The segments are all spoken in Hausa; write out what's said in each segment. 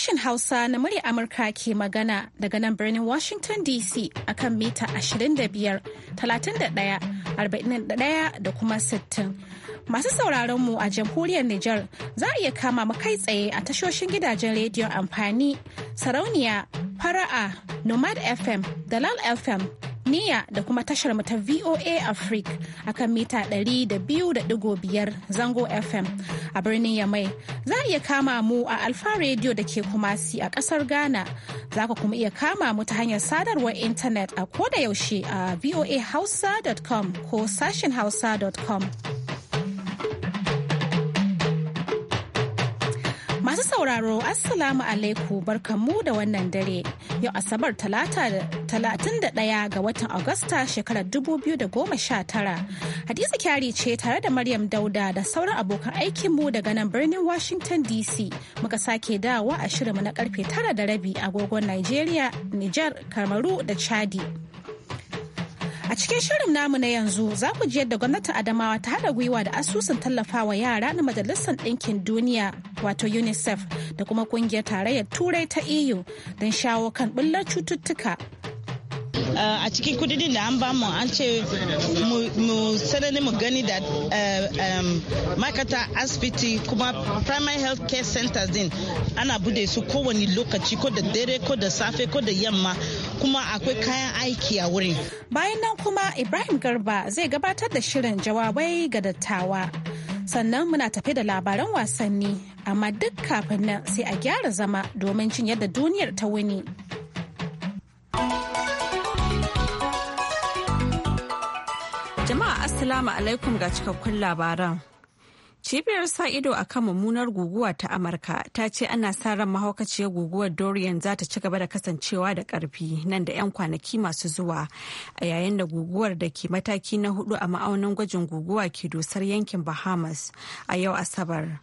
Sashen Hausa na murya Amurka ke magana daga nan birnin Washington DC akan mita 25, 31, 41 da kuma 60. Masu sauraron mu a jamhuriyar Nijar za a iya kama mu kai tsaye a tashoshin gidajen rediyon amfani, sarauniya, fara'a, Nomad FM, Dalal FM, niyya da kuma tashar mu ta VOA Africa akan mita 200.5 zango FM a birnin Yamai. Za a iya kama mu a Alfa Radio da ke Kumasi a kasar Ghana. Za ka kuma iya kama mu ta hanyar sadarwar intanet a koda yaushe a voahausa.com ko sashin hausa.com. Masu sauraro Assalamu alaikum barkamu da wannan dare yau Asabar talatin da ɗaya ga watan Agusta shekarar 2019. Hadiza kyari ce tare da Maryam Dauda da sauran abokan aikinmu daga nan birnin Washington DC muka sake dawa a shirinmu na karfe tara da rabi agogon Nigeria, Nijar, Kamaru da Chadi. A cikin shirin namu na yanzu za ku ji yadda gwamnatin Adamawa ta haɗa gwiwa da asusun tallafawa yara na Majalisar Ɗinkin Duniya wato UNICEF da kuma ƙungiyar tarayyar Turai ta EU don shawo kan ɓullar cututtuka Eh, a cikin kudin da an bamu an ce mu sanani mu gani da eh, makata asibiti kuma primary health care centers din ana bude su kowane lokaci ko da dare ko da safe ko da yamma kuma akwai kayan aiki a wurin bayan nan kuma ibrahim garba zai gabatar da shirin jawabai ga dattawa sannan muna tafe da labaran wasanni amma duk kafin nan sai a gyara zama domin cin yadda duniyar ta wuni. Assalamu alaikum ga cikakkun labaran. Cibiyar sa ido a kan mummunar guguwa ta Amurka ta ce ana sa ran mahaukaciyar guguwar Dorian za ta ci gaba da kasancewa da ƙarfi nan da 'yan kwanaki masu zuwa a yayin da guguwar da ke mataki na hudu a ma'aunin gwajin guguwa ke dosar yankin Bahamas a yau Asabar.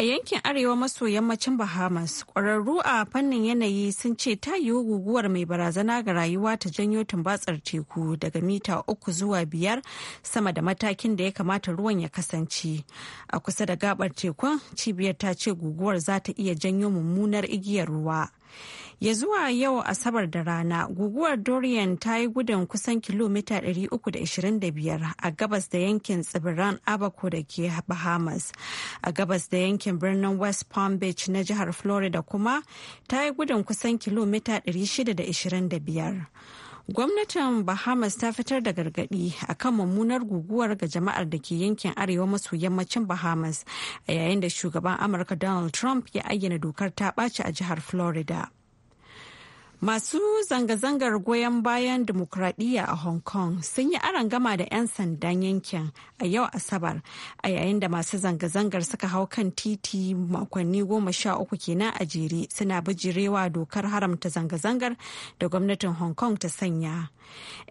A yankin arewa maso yammacin Bahamas, ƙwararru a fannin yanayi sun ce ta yiwu guguwar mai barazana ga rayuwa ta janyo tumbatsar teku daga mita uku zuwa biyar sama da matakin da ya kamata ruwan ya kasance. A kusa da gabar tekun, cibiyar ta ce guguwar za ta iya janyo mummunar igiyar ruwa. ya zuwa yau asabar da rana guguwar dorian ta yi gudun kusan kilomita 325 a gabas da yankin tsibiran abaco da ke bahamas a gabas da yankin birnin west palm beach na jihar florida kuma ta yi gudun kusan kilomita 625 gwamnatin bahamas ta fitar da gargadi kan mummunar guguwar ga jama'ar da ke yankin arewa maso yammacin bahamas a yayin da shugaban amurka donald trump ya ayyana dokar ta ɓaci a jihar florida Masu zanga-zangar goyon bayan demokradiyya a Hong Kong sun yi gama da 'yan sandan yankin a yau Asabar a yayin da masu zanga-zangar suka hau kan titi makonni goma sha uku kenan a jere suna bijirewa dokar haramta zanga-zangar da gwamnatin Hong Kong ta sanya.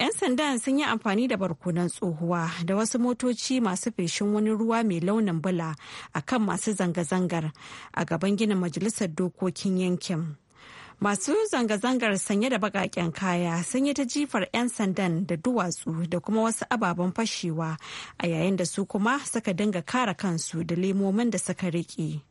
'Yan sandan sun yi amfani da barkunan tsohuwa da wasu motoci masu feshin wani ruwa mai launin bula a kan masu zanga-zangar a gaban ginin majalisar dokokin yankin. Masu zanga-zangar sanye da bakaken kaya sun yi ta jifar 'yan sandan da duwatsu da kuma wasu ababen fashewa a yayin da su kuma suka dinga kare kansu da lemomin da suka riƙe.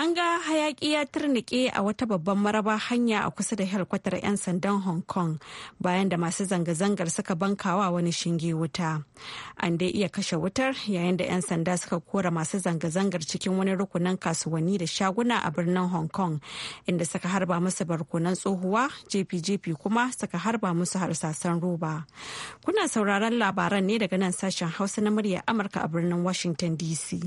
an ga hayaki ya turnike a wata babban maraba hanya a kusa da helkwatar 'yan sandan hong kong bayan da masu zanga-zangar suka bankawa wani shinge wuta an dai iya kashe wutar yayin da 'yan sanda suka kora masu zanga-zangar cikin wani rukunin kasuwanni da shaguna a birnin hong kong inda suka harba musu barkunan tsohuwa jefi-jefi kuma suka harba musu harsasan roba kuna sauraron labaran ne daga nan sashen hausa na murya amurka a birnin washington dc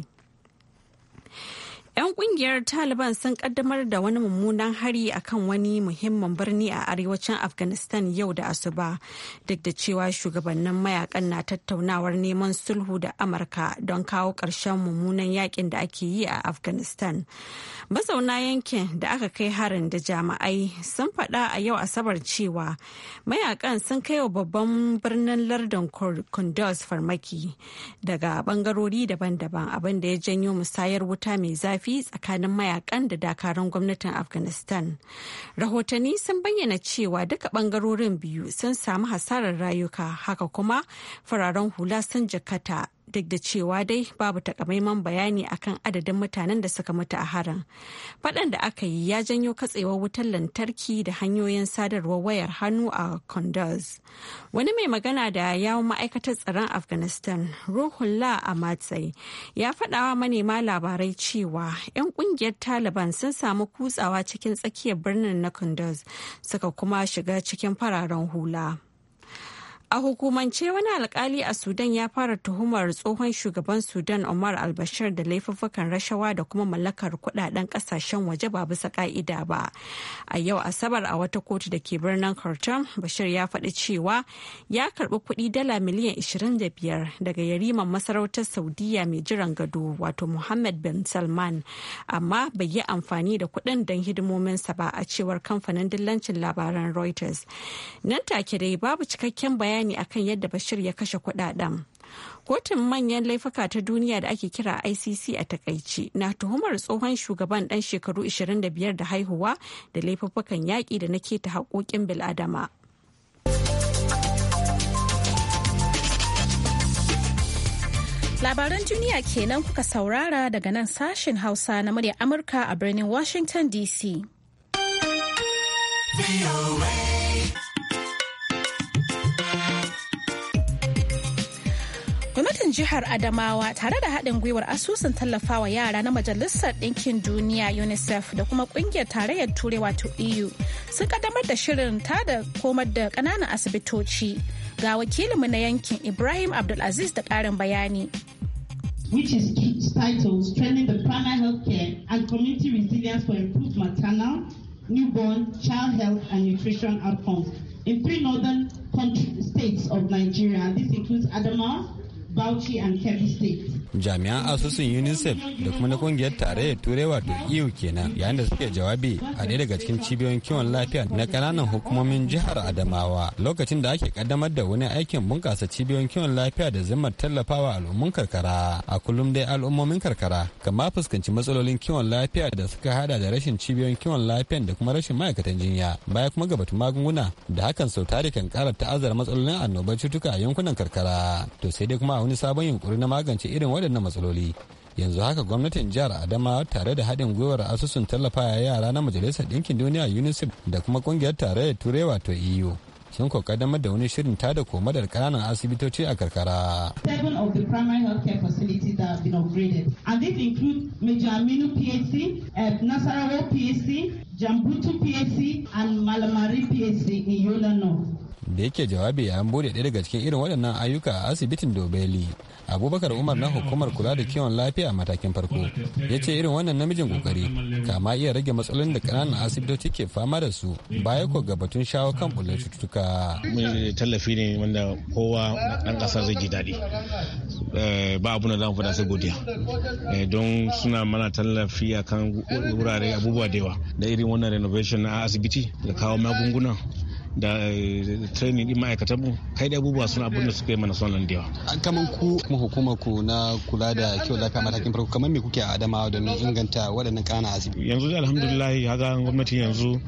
'Yan kungiyar Taliban sun kaddamar da wani mummunan hari a kan wani muhimmin birni a arewacin Afghanistan yau da asuba, duk da cewa shugabannin mayakan na tattaunawar neman sulhu da Amurka don kawo ƙarshen mummunan yakin da ake yi a Afghanistan. Mazauna yankin da aka kai harin da jama'ai sun faɗa a yau asabar cewa mayakan sun kai wa babban birnin lardin Kunduz farmaki daga bangarori daban-daban abinda ya janyo musayar wuta mai zafi zafi tsakanin mayakan da dakarun gwamnatin afghanistan rahotanni sun bayyana cewa duka bangarorin biyu sun samu hasarar rayuka haka kuma fararen hula sun jakata duk da cewa dai babu takamaiman bayani akan adadin mutanen da suka mutu a harin faɗan da aka yi ya janyo katsewar wutar lantarki da hanyoyin sadarwar wayar hannu a kondos wani mai magana da yawon ma'aikatar tsaron afghanistan ruhullah amatsai ya faɗawa manema labarai cewa 'yan ƙungiyar taliban sun samu kutsawa cikin tsakiyar birnin na kondos suka kuma shiga cikin fararen hula. A hukumance wani alkali a Sudan ya fara tuhumar tsohon shugaban Sudan Omar al-Bashir da laifuffukan rashawa da kuma mallakar kudaden kasashen waje ba bisa ka'ida ba. A yau Asabar a wata kotu da ke birnin Khartoum, Bashir ya faɗi cewa ya karɓi kuɗi dala miliyan 25 daga yariman masarautar Saudiya mai jiran gado wato Mohammed bin Salman, amma bai yi amfani da kuɗin don hidimominsa ba a cewar kamfanin dillancin labaran Reuters. Nan take dai babu cikakken bayani bayani akan yadda Bashir ya kashe kudaden. Kotun manyan laifuka ta duniya da ake kira ICC a takaici na tuhumar tsohon shugaban dan shekaru 25 da haihuwa da laifuffukan yaƙi da na keta haƙoƙin bil'adama. Labaran duniya kenan kuka saurara daga nan sashen Hausa na murya Amurka a birnin Washington DC. Gwamnatin jihar Adamawa tare da haɗin gwiwar asusun tallafawa yara na Majalisar Ɗinkin Duniya UNICEF da kuma ƙungiyar tarayyar Turai wato EU sun ƙaddamar da shirin tada komar da ƙananan asibitoci. Ga wakilinmu na yankin Ibrahim Abdulaziz da ƙarin bayani. which is titled Strengthening the Primary Health Care and Community Resilience for Improved Maternal, Newborn, Child Health and Nutrition Outcomes in three northern states of Nigeria. This includes Adamawa, Bauchi and Kebbi state. jami'an asusun unicef da kuma na kungiyar tarayyar turai wato eu kenan yayin da suke jawabi a ɗaya daga cikin cibiyoyin kiwon lafiya na ƙananan hukumomin jihar adamawa lokacin da ake kaddamar da wani aikin bunƙasa cibiyoyin kiwon lafiya da zimmar tallafawa al'ummun karkara a kullum dai al'ummomin karkara kama fuskanci matsalolin kiwon lafiya da suka hada da rashin cibiyoyin kiwon lafiya da kuma rashin ma'aikatan jinya baya kuma gabatu magunguna da hakan sau tare kan ƙara ta'azzara matsalolin annobar cutuka a yankunan karkara to sai dai kuma a wani sabon yunkuri na magance irin waɗannan matsaloli yanzu haka gwamnatin jihar adama tare da haɗin gwiwar asusun ya yara na majalisar ɗinkin duniya unicef da kuma ƙungiyar tarayyar turai wato eu sun kaddamar da wani shirin ta da komadar ƙananan asibitoci a karkara. Seven of the primary healthcare facilities that have been upgraded. And these include Major Aminu uh, Nasarawa Jambutu PHC, and Malamari PHC in Yola North. da yake jawabi yayin bude ɗaya daga cikin irin waɗannan ayyuka a asibitin dobeli abubakar umar na hukumar kula da kiwon lafiya a matakin farko ya ce irin wannan namijin kokari kama iya rage matsalolin da ƙananan asibitoci ke fama da su baya ko gabatun shawo kan bullar cututtuka. tallafi ne wanda kowa ɗan ƙasa zai ji daɗi eh, ba abu da zamu faɗa sai godiya eh, don suna mana tallafi a akan wurare abubuwa da yawa da irin wannan renovation na asibiti da kawo magunguna da eh, training din ma'aikatan mu kai da abubuwa suna abin da suka yi mana son da yawa kaman ku kuma hukumar ku na kula da kiwon lafiya matakin farko kaman me kuke a adamawa don inganta waɗannan kana asibi yanzu da alhamdulillah ga gwamnati yanzu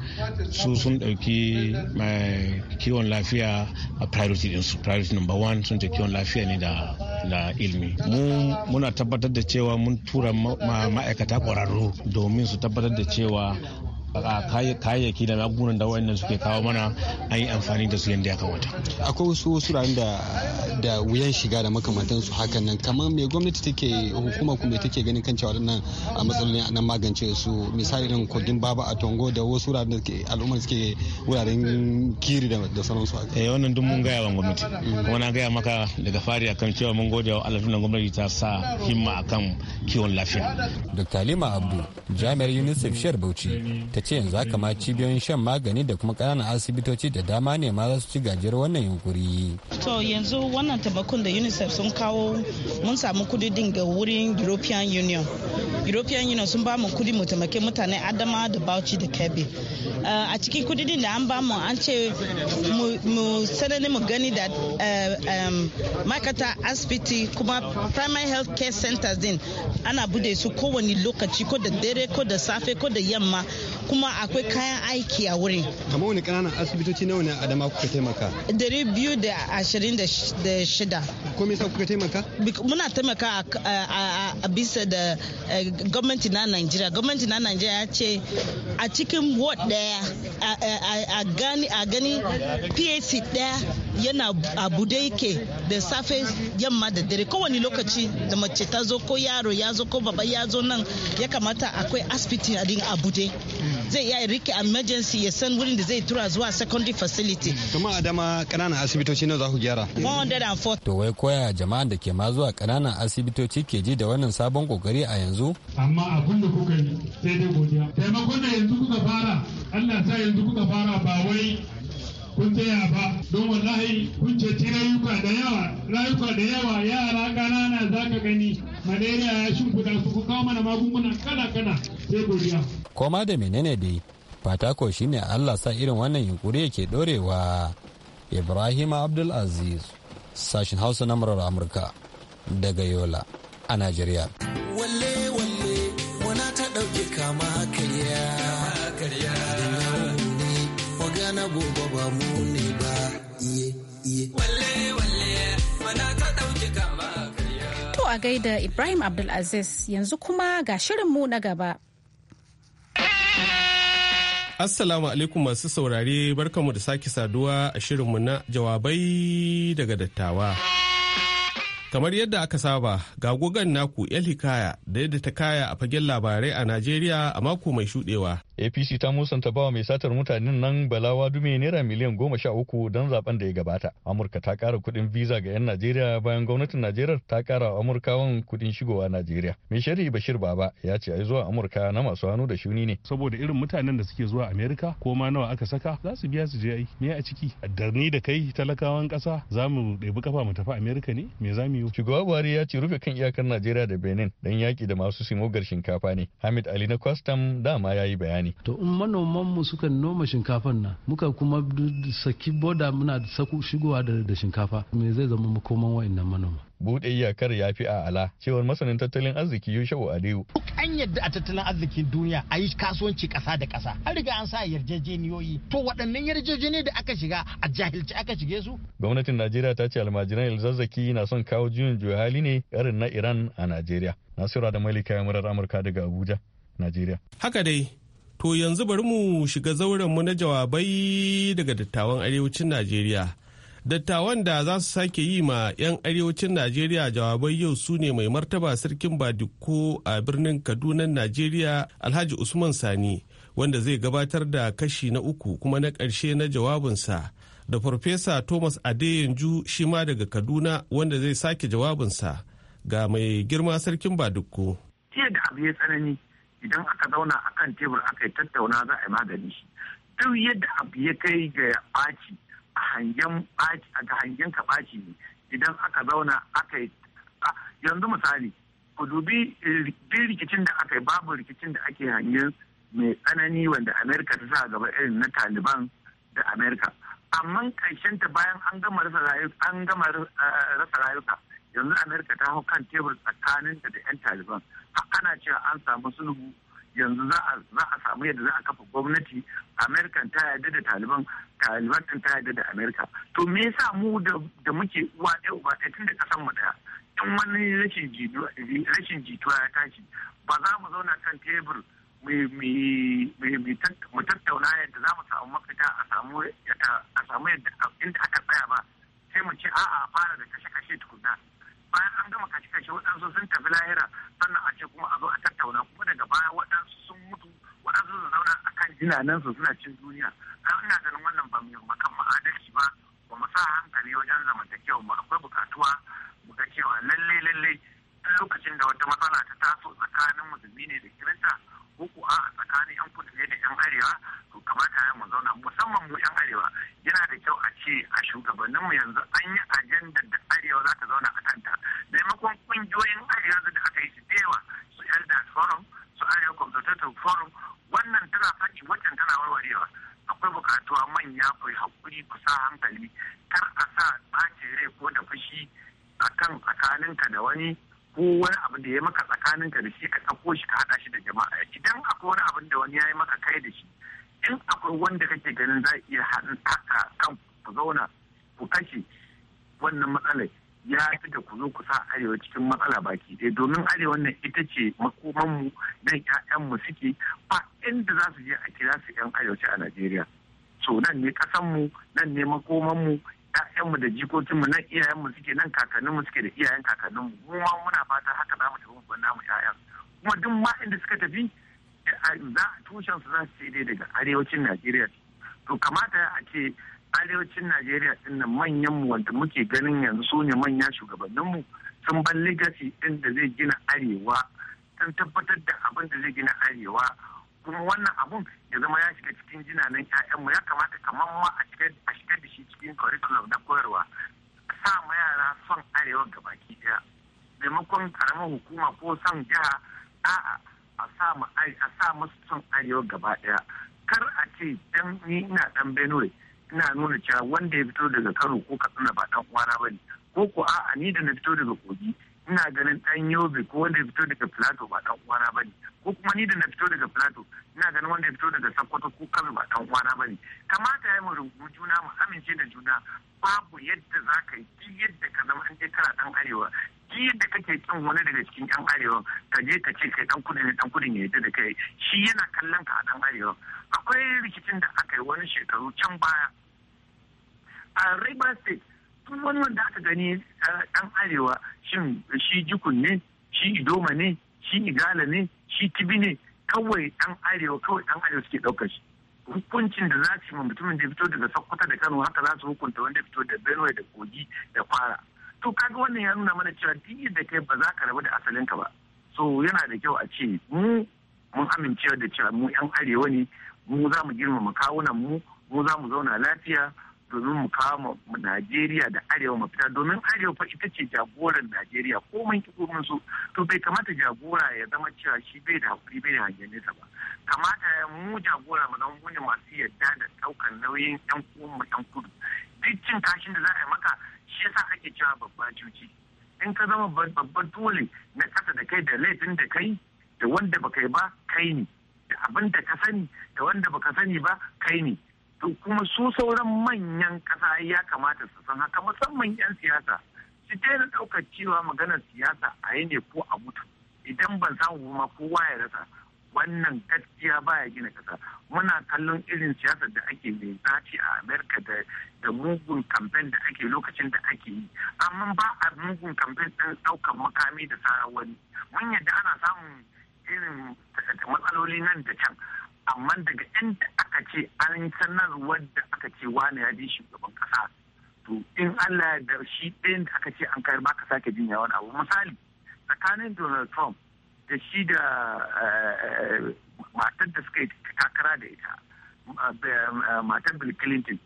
su sun ɗauki eh, kiwon lafiya a priority din su priority number one sun ce kiwon lafiya ne da da ilimi mu muna tabbatar da cewa mun tura ma'aikata kwararru domin su tabbatar da cewa kayayyaki da magungunan da wayannan suke kawo mana an yi amfani da su yadda ya kamata akwai wasu wasu da da wuyan shiga da makamantansu hakan nan kamar me gwamnati take hukuma kuma take ganin kan cewa nan a matsalolin nan magance su misali irin kogin baba a tongo da wasu wuraren da al'ummar suke wuraren kiri da sauransu haka eh wannan duk mun gaya wa gwamnati mm. kuma na gaya maka daga fari akan cewa mun gode wa Allah tunan gwamnati ta sa himma akan kiwon lafiya Dr. Lima Abdu jami'ar UNICEF Shiyar Bauchi ta ce yanzu haka ma cibiyoyin shan magani da kuma ƙananan asibitoci da dama ne ma za su ci gajiyar wannan yunkuri. To yanzu wannan tabakun da UNICEF sun kawo mun samu kudin ga wurin European Union. European Union sun ba mu kudi mu taimake mutane Adama da Bauchi da Kebbi. Eh, a cikin kudin da an ba mu an ce mu sanani mu gani da eh, ma'aikata asibiti kuma primary health care centers din ana bude su kowane lokaci ko da dare ko da safe ko da yamma kuma akwai kayan aiki a wurin kamar wani kananan asibitoci nawa ne adama kuka taimaka dari biyu da ashirin da shida ko me yasa kuka taimaka muna taimaka a bisa da eh, gwamnati na najeriya gwamnati na najeriya ya ce a cikin ward daya a gani a gani pac daya yana a bude yake da safe yamma da dare kowane lokaci da mace ta zo ko yaro ya zo ko baba ya zo nan ya kamata akwai asibiti a din a bude zai iya rike emergency ya san wurin da zai tura zuwa secondary facility kuma adama ƙananan asibitoci na za ku gyara 104 to wai koya jama'an da ke ma zuwa ƙananan asibitoci ke ji da wannan sabon kokari a yanzu amma abin da kuka yi sai dai godiya taimakon da yanzu kuka fara Allah sa yanzu kuka fara ba wai kun tsaya ba don wallahi kun ceci rayuka da yawa rayuka da yawa yara kanana za ka gani malaria ya shimfiɗa su ku kawo mana magunguna kala kala sai godiya. koma da menene dai fata ko shine Allah sa irin wannan yunkuri yake dorewa Ibrahim Abdul Aziz sashin Hausa na murar Amurka daga Yola a Najeriya. Walle walle wana ta dauke kama gai gaida Ibrahim Abdulaziz yanzu kuma ga shirinmu na gaba. Assalamu alaikum masu saurare barkamu da sake saduwa a shirinmu na jawabai daga dattawa. Kamar yadda aka saba, ga gogon naku 'yan Hikaya da yadda ta kaya a fagen labarai a Najeriya a mako mai shudewa. apc ta musanta bawa mai satar mutanen nan balawa dume naira miliyan goma sha uku don zaben da ya gabata amurka ta kara kudin visa ga 'yan najeriya bayan gwamnatin najeriya ta kara wa amurkawan kudin shigowa najeriya mai shari'i bashir baba ya ce ai zuwa amurka na masu hannu da shuni ne saboda irin mutanen da suke zuwa amerika ko ma nawa aka saka za su biya su je ai me a ciki darni da kai talakawan ƙasa za mu ɗebi kafa mu tafi amerika ne me za mu yi shugaba buhari ya ce rufe kan iyakar najeriya da benin don yaƙi da masu simogar shinkafa ne hamid ali na kwastam dama ya yi bayani ne to in manoman mu suka noma shinkafan nan muka kuma saki boda muna saku shigowa da shinkafa me zai zama makoman wa'annan manoma buɗe iyakar ya fi a ala cewar masanin tattalin arziki yushau adeyu duk an yadda a tattalin arzikin duniya a yi kasuwanci ƙasa da ƙasa an riga an sa yarjejeniyoyi to waɗannan yarjejeniyoyi da aka shiga a jahilci aka shige su gwamnatin najeriya ta ce almajiran ilzazzaki na son kawo juyin juya hali ne irin na iran a najeriya nasira da malika ya murar amurka daga abuja najeriya haka dai To yanzu bari mu shiga zauren mu na jawabai daga dattawan arewacin Najeriya. Dattawan da za su sake yi ma 'yan arewacin Najeriya jawabai yau su ne mai martaba sarkin Badiko a birnin Kaduna Najeriya Alhaji Usman Sani wanda zai gabatar da kashi na uku kuma na ƙarshe na jawabinsa da Farfesa Thomas Adeyanju shi ma daga Kaduna wanda zai sake jawabinsa ga mai girma sarkin Badiko. Jiya da abu ya tsanani idan aka zauna a kan tebur aka yi tattauna za a yi magani shi duk yadda abu ya kai ga ɓaci a hangen ɓaci a hangen ka ɓaci ne idan aka zauna aka yi yanzu misali ku dubi bin eh, rikicin da aka yi babu rikicin da ake hangen mai tsanani wanda amerika ta sa gaba irin na taliban da amerika amma ƙarshen ta bayan an gama rasa eh, rayuka yanzu amerika ta hau kan tebur tsakaninta da 'yan taliban ana cewa an samu sulhu yanzu za a samu yadda za a kafa gwamnati amerika ta yarda da taliban taliban din ta yarda da amerika to me yasa mu da muke uwa ɗaya uba ɗaya tun da ƙasan mu ɗaya tun wani rashin jituwa ya tashi ba za mu zauna kan tebur mu tattauna yadda za mu samu mafita a samu yadda inda aka tsaya ba sai mu ce a'a fara da kashe-kashe tukuna bayan an gama kashe kashe waɗansu sun tafi lahira sannan a ce kuma a zo a tattauna kuma daga baya waɗansu sun mutu waɗansu su zauna a kan jinanan su suna cin duniya kan ina ganin wannan ba mu kan ma'adalci ba ba mu sa hankali wajen zamantakewa ba akwai bukatuwa mu ga cewa lallai lallai lokacin da wata matsala ta taso tsakanin musulmi ne da kiran arewa cikin matsala baki ɗaya domin arewa nan ita ce makomanmu don 'ya'yanmu suke ba inda za su je a kira su 'yan arewaci a najeriya so nan ne kasanmu nan ne makomanmu ƴaƴanmu da jikokinmu nan iyayenmu suke nan kakanninmu suke da iyayen kakanninmu mu ma muna fata haka za mu tafi mu namu ƴaƴan kuma duk ma inda suka tafi za a tushen su za su ce dai daga arewacin Najeriya to kamata a ce arewacin Najeriya ɗin nan manyan wanda muke ganin yanzu su ne manyan shugabanninmu sun ban legacy ɗin da zai gina arewa sun tabbatar da abin da zai gina arewa kuma wannan abun ya zama ya shiga cikin nan ƴaƴanmu ya kamata kamar ma a shiga da shi cikin curriculum na koyarwa sa ma yara son arewa gabaki daya maimakon karamin hukuma ko son jiha a'a a sa musu son arewa gaba daya kar a ce dan ni ina dan benue ina nuna cewa wanda ya fito daga kano ko katsina ba dan uwana ba ne ko ko a'a ni da na fito daga kogi ina ganin dan yobe ko wanda ya fito daga filato ba dan uwana bane ko kuma ni da na fito daga filato ina ganin wanda ya fito daga sakkwato ko kabe ba dan uwana bane kamata ya yi mu juna mu amince da juna babu yadda za ka yi yadda ka zama an je kana dan arewa ki yadda kake kin wani daga cikin yan arewa ka je ka ce kai dan kudu ne dan kudu ne da kai shi yana kallon ka a dan arewa akwai rikicin da aka yi wani shekaru can baya a river state duk wani wanda aka gani ɗan arewa shin shi jukun ne shi idoma ne shi igala ne shi kibi ne kawai ɗan arewa kawai ɗan arewa suke ɗaukar shi hukuncin da za su yi mutumin da fito daga sokoto da kano haka za su hukunta wanda fito da benue da kogi da kwara to kaga wannan ya nuna mana cewa duk da kai ba za ka rabu da asalinka ba so yana da kyau a ce mu mun amincewa da cewa mu yan arewa ne mu za mu girmama kawunan mu mu za mu zauna lafiya domin mu kama Najeriya da Arewa fita domin Arewa fa ita ce jagoran Najeriya ko mun ki gurin so to bai kamata jagora ya zama cewa shi bai da hakuri bai da hangen ba kamata mu jagora mu zama mu ne masu yadda da daukan nauyin yan uwan mu yan kudu duk cin kashin da za a yi maka shi yasa ake cewa babban cuci in ka zama babban dole na kasa da kai da laifin da kai da wanda baka yi ba kai ne da abin da ka sani da wanda baka sani ba kai ne kuma su sauran manyan ƙasa ya kamata su san haka musamman 'yan siyasa su daina ɗaukar cewa maganar siyasa a yi ne ko a mutu idan ban samu kuma kowa ya rasa wannan gaskiya baya gina kasa muna kallon irin siyasar da ake mai zaci a amerika da da mugun kamfen da ake lokacin da ake yi amma ba a mugun kamfen ɗin ɗaukar makami da sara wani mun yadda ana samun irin matsaloli nan da can amma daga inda a ce an sanarwar da aka ce wani ya shugaban kasa to in Allah ya shi ɗayan da aka ce an kayar ba ka sake jin yawan abu misali tsakanin Donald Trump da shi da eh, matar da suka yi takara da ita eh, matar Bill Clinton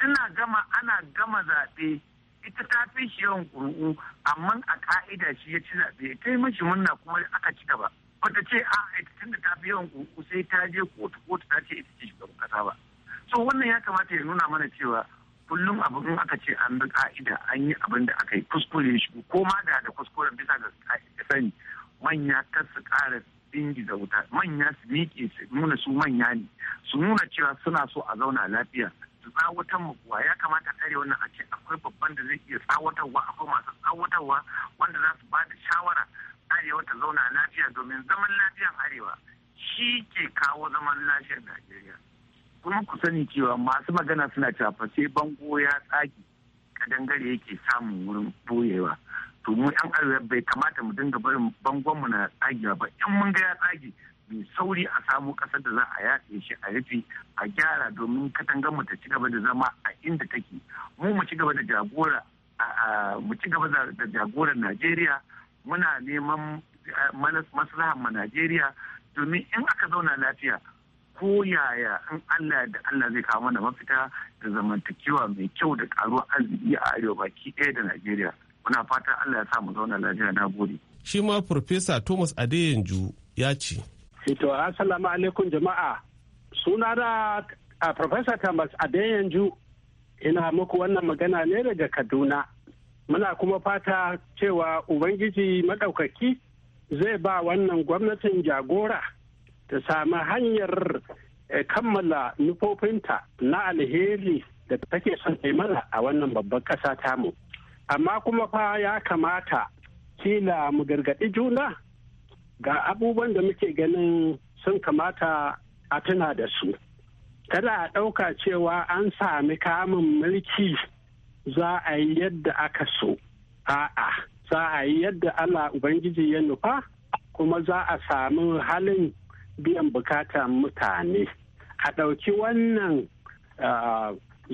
suna gama ana gama zaɓe ita ta fi shi yawan ƙuri'u amma a ƙa'ida shi ya ci zaɓe ta yi mashi murna kuma aka ci gaba. wata ce a ita tun da ta fi yawan kuku sai ta je kotu kotu ta ce ita ce shugaban kasa ba so wannan ya kamata ya nuna mana cewa kullum abin aka ce an bi ka'ida an yi abin da aka yi kuskure shi ko ma da da kuskuren bisa ga sani manya kar su ƙara da wuta manya su miƙe su nuna su manya ne su nuna cewa suna so a zauna lafiya su tsawatan mu kuwa ya kamata tare wannan a ce akwai babban da zai iya tsawatarwa akwai masu tsawatarwa wanda za su ba da shawara arewa ta zauna lafiya domin zaman lafiyan arewa shi ke kawo zaman lafiyar najeriya kuma ku sani cewa masu magana suna cewa sai bango ya tsagi kadangare yake samun wurin boyewa to mu yan arewa bai kamata mu dinga barin bangonmu na tsagewa ba in mun ga ya tsage mai sauri a samu ƙasar da za a yatsa shi a rufe a gyara domin katangar mu ta ci gaba da zama a inda take mu mu ci gaba da jagora mu ci gaba da jagorar Najeriya muna neman eh, maslahar ma Najeriya domin in aka zauna lafiya ko yaya in Allah da Allah zai kawo mana mafita da zamantakewa mai kyau da karuwar arziki a arewa baki ɗaya da Najeriya. Muna fatan Allah ya sa mu zauna lafiya na gode. Shi ma Profesa Thomas Adeyanju ya ce. Sito, Assalamu alaikum jama'a. Suna da Profesa Thomas Adeyanju ina muku wannan magana ne daga Kaduna. muna kuma fata cewa ubangiji maɗaukaki zai ba wannan gwamnatin jagora ta sami hanyar eh, kammala nufofinta na alheri da take son mana a wannan babban ƙasa tamu amma kuma fa ya kamata kila mu gargaɗi juna ga abubuwan da muke ganin sun kamata a tuna da su kada a ɗauka cewa an sami kamun mulki za a yi yadda aka so a'a za a yi yadda Allah Ubangiji ya nufa kuma za a samu halin biyan bukatan mutane a ɗauki wannan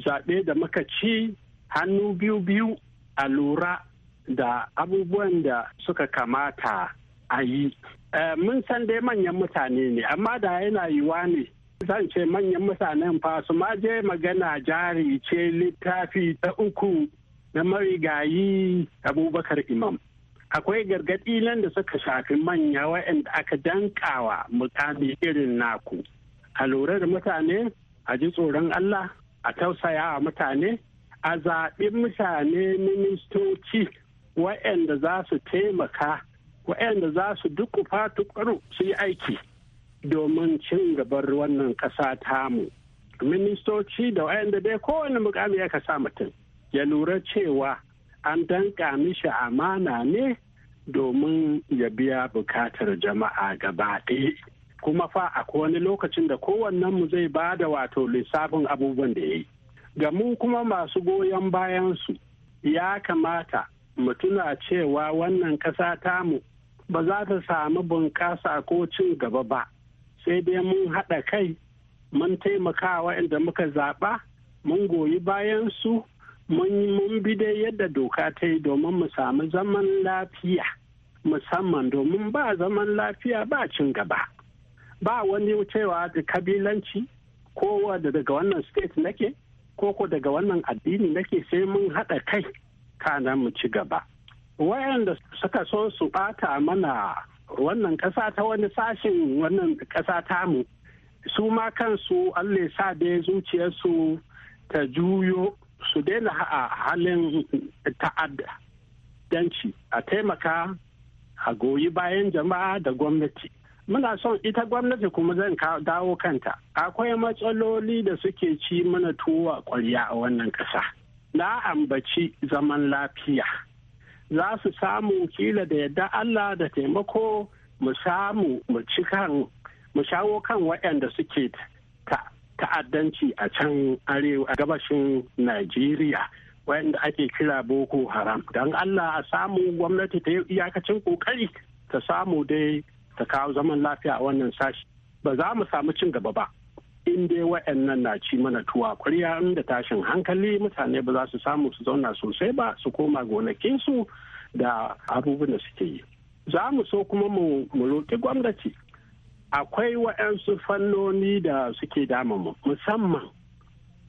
zaɓe da muka ci hannu biyu-biyu a lura da abubuwan da suka kamata a yi eh, mun san dai manyan mutane ne amma da yana yiwa ne zan ce manyan mutanen fa su ma magana jari ce littafi ta uku na marigayi abubakar imam akwai gargaɗi nan da suka shafi manya waɗanda aka dankawa mutane irin naku a lura da mutane a ji tsoron allah a tausaya wa mutane a zaɓi mutane ministoci waɗanda za su taimaka waɗanda za su dukufa ƙwaro, su yi aiki domin cin gabar wannan ƙasa tamu ministoci da wayanda dai kowane mukami ya sa mutum ya lura cewa an danka mishi amana ne domin ya biya bukatar jama'a gaba ɗaya kuma fa akwai wani lokacin da mu zai ba da wato lissafin abubuwan da ya yi ga mu kuma masu goyon bayansu ya kamata mu tuna cewa wannan ƙasa tamu ba za ta samu bunƙasa ko cin gaba ba sai dai mun haɗa kai mun taimaka waɗanda muka zaɓa mun goyi bayan su mun yi mun bi dai yadda doka ta yi domin mu samu zaman lafiya musamman domin ba zaman lafiya ba cin gaba ba wani cewa da kabilanci ko daga wannan state nake ko ko daga wannan addini nake sai mun haɗa kai kana mu ci gaba wayanda suka so su ɓata mana wannan ƙasa ta wani sashen wannan ƙasa tamu su ma kansu allah sa da zuciyarsu ta juyo su daina a halin ta'addanci a taimaka a goyi bayan jama'a da gwamnati muna son ita gwamnati kuma zan dawo kanta akwai matsaloli da suke ci mana tuwa kwarya a wannan ƙasa na ambaci zaman lafiya za su samu kila da yadda Allah da taimako mu samu mu kan mu shawo kan waɗanda suke ta'addanci a can arewa a gabashin Najeriya waɗanda ake kira Boko Haram don Allah a samu gwamnati ta iyakacin kokari ta samu dai ta kawo zaman lafiya a wannan sashi ba za mu samu cin gaba ba in dai waɗannan na ci mana tuwa kwarya da tashin hankali mutane ba za su samu su zauna sosai ba su koma gonakinsu da abubuwan da suke yi za mu so kuma mu roƙi gwamnati akwai waɗansu fannoni da suke mu musamman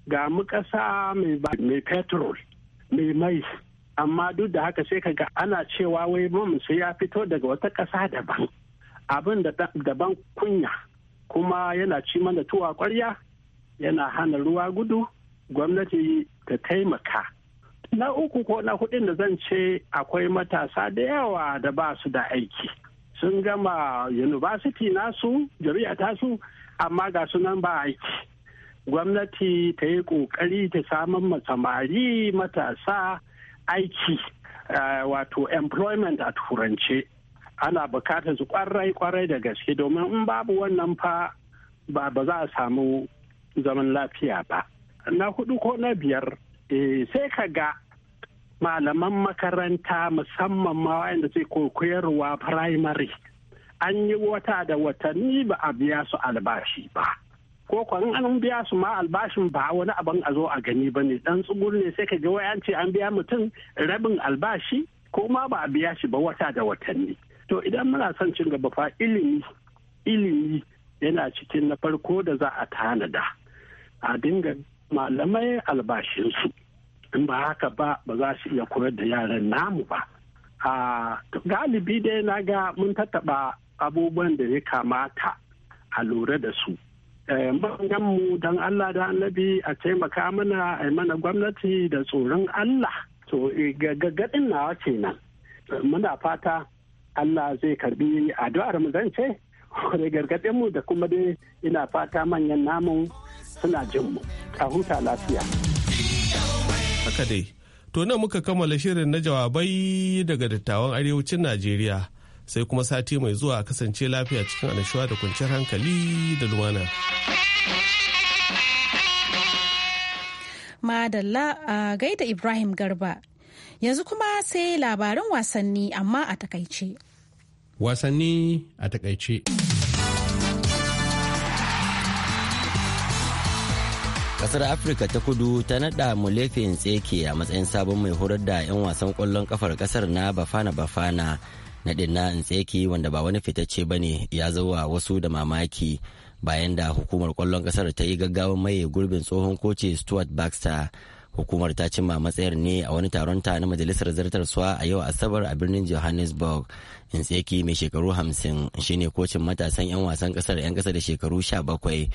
ga mu ƙasa mai petrol mai mai amma duk da haka sai kaga ana cewa wai mun sai ya fito daga wata ƙasa daban abin da daban kunya kuma yana ci mana tuwa kwarya yana hana ruwa gudu gwamnati ta taimaka na uku ko na hudun da zan ce akwai matasa da yawa da ba su da aiki sun gama university nasu jami'a tasu amma ga sunan ba aiki gwamnati ta yi kokari ta samun samari matasa aiki eh, wato employment a turance ana bukatar su kwarai kwarai da gaske domin in babu wannan fa ba ba za a samu zaman lafiya ba na hudu ko na biyar eh, sai ka ga malaman makaranta musamman ma wanda sai koyarwa primary an yi wata da watanni ba a biya su albashi ba ko kwan an biya su ma albashin ba wani abin a zo a gani ba ne dan tsugur ne sai ka ga wayanci an an biya mutum rabin albashi ko ma ba a biya shi ba wata da watanni to idan muna son cin gaba fa ilimi ilimi yana cikin na farko da za a tanada a dinga malamai albashinsu in ba haka ba ba za su iya koyar da yaran namu ba a galibi dai na ga mun tattaba abubuwan da ya kamata a lura da su eh, mu don Allah da annabi a taimaka mana a mana gwamnati da tsoron Allah to na eh, nawa kenan eh, muna fata Allah zai karbi addu'ar mu zan ce da gargaɗin mu da kuma dai ina fata manyan namun suna jin mu a huta lafiya. Haka dai, to nan muka kammala shirin na jawabai daga dattawan arewacin Najeriya sai kuma sati mai zuwa kasance lafiya cikin annashuwa da kwanciyar hankali da lumana. Madalla a gaida Ibrahim Garba. Yanzu kuma sai labaran wasanni amma a takaice. wasanni a takaice. kasar afirka ta kudu ta nada mulefin tseke a matsayin sabon mai horar da 'yan wasan kwallon kafar kasar na bafana bafana na na tseke wanda ba wani fitacce ba ne ya zawa wasu da mamaki bayan da hukumar kwallon kasar ta yi gaggawa mai gurbin tsohon koci stuart baxter hukumar ta cimma matsayar ne a wani taron ta na majalisar zartarsuwa a yau asabar a birnin johannesburg in tseki mai shekaru hamsin shine kocin matasan 'yan wasan kasar 'yan kasa da shekaru sha bakwai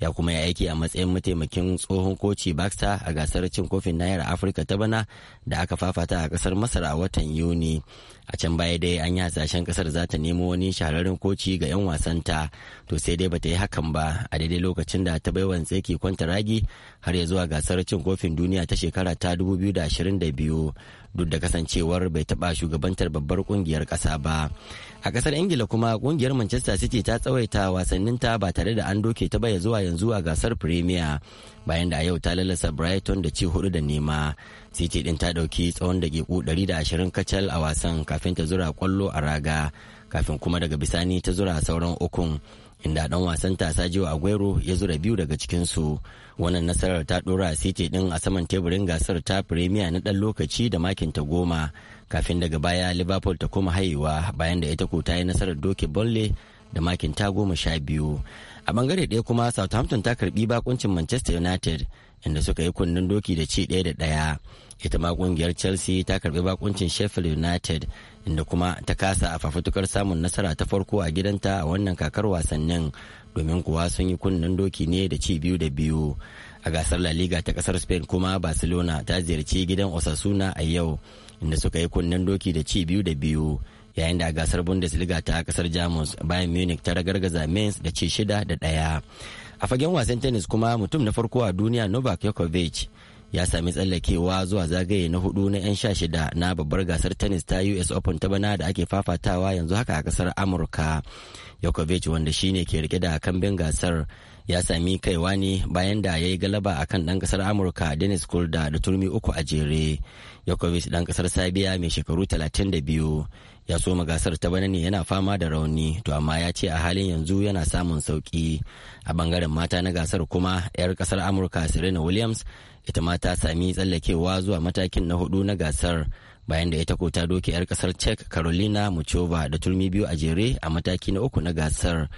ya kuma ya aiki a matsayin mataimakin tsohon koci baxter a gasar cin kofin nayar afirka ta bana da aka fafata a kasar masar a watan yuni a can baya dai an yi hasashen kasar za ta nemo wani shahararren koci ga 'yan wasanta to sai dai bata yi hakan ba a daidai lokacin da ta baiwa tseki kwanta ragi har ya zuwa gasar cin kofin duniya ta shekara ta 2022 duk da kasancewar bai taba shugabantar babbar kungiyar kasa ba a kasar ingila kuma kungiyar manchester city ta tsawaita wasannin ta ba tare da an doke ta baya zuwa yanzu a gasar premier bayan da a yau ta lalasa brighton da ci hudu da nema city din ta dauki tsawon geku 120 kacal a wasan kafin ta zura kwallo a raga kafin kuma daga bisani ta zura sauran ukun inda dan wasan ta Sergio Aguero ya zura biyu daga cikinsu. Wannan nasarar ta dora City din a saman teburin gasar ta Premier na dan lokaci da makinta goma kafin daga baya liverpool ta koma haihuwa bayan da ita ko ta yi nasarar doke bolle da makin ta goma sha biyu a bangare ɗaya kuma southampton ta karbi bakuncin manchester united inda suka yi kunnen doki da ci ɗaya da ɗaya ita ma kungiyar chelsea ta karbi bakuncin sheffield united inda kuma ta kasa a fafutukar samun nasara ta farko a gidanta a wannan kakar wasannin domin kuwa sun yi kunnen doki ne da ci biyu da biyu a gasar La Liga ta kasar Spain kuma Barcelona ta ziyarci gidan Osasuna a yau inda suka yi kunnen doki da ci biyu da biyu yayin da a gasar bundesliga ta kasar jamus bayan munich ta ragargaza mainz da ci shida da daya. a fagen wasan tennis kuma mutum na farko a duniya novak yakovic ya sami tsallakewa zuwa zagaye na hudu na 'yan sha shida na babbar gasar tennis ta us open ta bana da ake fafatawa yanzu haka a kasar amurka yakovic wanda shine ke rike da kambin gasar ya sami kaiwa ne bayan da ya yi galaba akan kan ɗan ƙasar amurka dennis kulda da turmi uku a jere Yakovic dan kasar Sabiya mai shekaru 32 ya soma gasar ta bana ne yana fama da rauni to amma ya ce a halin yanzu yana samun sauki a bangaren mata na gasar kuma 'yar kasar Amurka Serena Williams ita ma ta sami tsallakewa zuwa matakin na hudu na gasar bayan da ita ko ta doke 'yar kasar Czech Carolina Muchova da turmi biyu a jere a mataki na uku na gasar.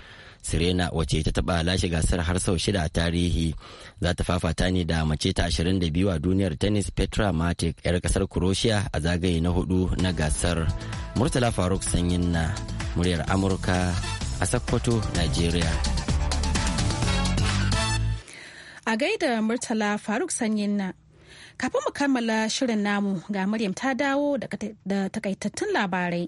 Serena wace ta taɓa lashe gasar har sau shida a tarihi za ta fafata ne da mace ta 22 a duniyar tennis Petra Matic 'yar kasar Croatia a zagaye na hudu na gasar. Murtala Faruk Sanyin na muryar Amurka a Sokoto, Nigeria. A gaida Murtala Faruk Sanyin na kafin mu kammala shirin namu ga Maryam ta dawo da takaitattun labarai.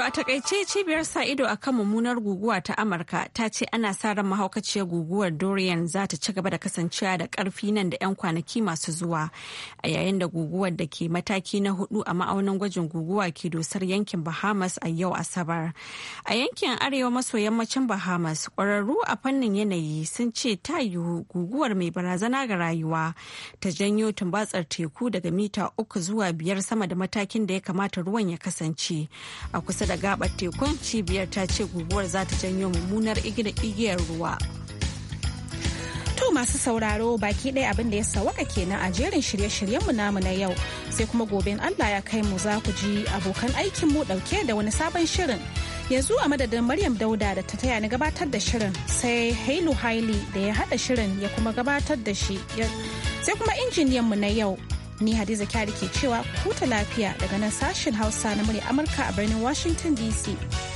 To a takaice cibiyar sa ido a kan mummunar guguwa ta Amurka ta ce ana sa ran mahaukaciyar guguwar Dorian za ta ci gaba da kasancewa da karfi nan da 'yan kwanaki masu zuwa a yayin da guguwar da ke mataki na hudu a ma'aunin gwajin guguwa ke dosar yankin Bahamas a yau Asabar. A yankin arewa maso yammacin Bahamas kwararru a fannin yanayi sun ce ta yiwu guguwar mai barazana ga rayuwa ta janyo tumbatsar teku daga mita uku zuwa biyar sama da matakin da ya kamata ruwan ya kasance a kusa da gabar tekun cibiyar ta ce guguwar za ta janyo mummunar igiyar ruwa To masu sauraro baki ɗaya abin da ya sawaka kenan a jerin shirye-shiryenmu namu na yau sai kuma gobe Allah ya kai mu za ku ji abokan aikinmu ɗauke da wani sabon shirin. Yanzu a madadin Maryam Dauda da ta taya ni gabatar da shirin sai Hailu Haili da ya haɗa shirin ya kuma gabatar da shi sai kuma injiniyan mu na yau Ni Hadiza Kyari ke cewa kuta lafiya daga nan sashen Hausa na murya Amurka a birnin Washington DC.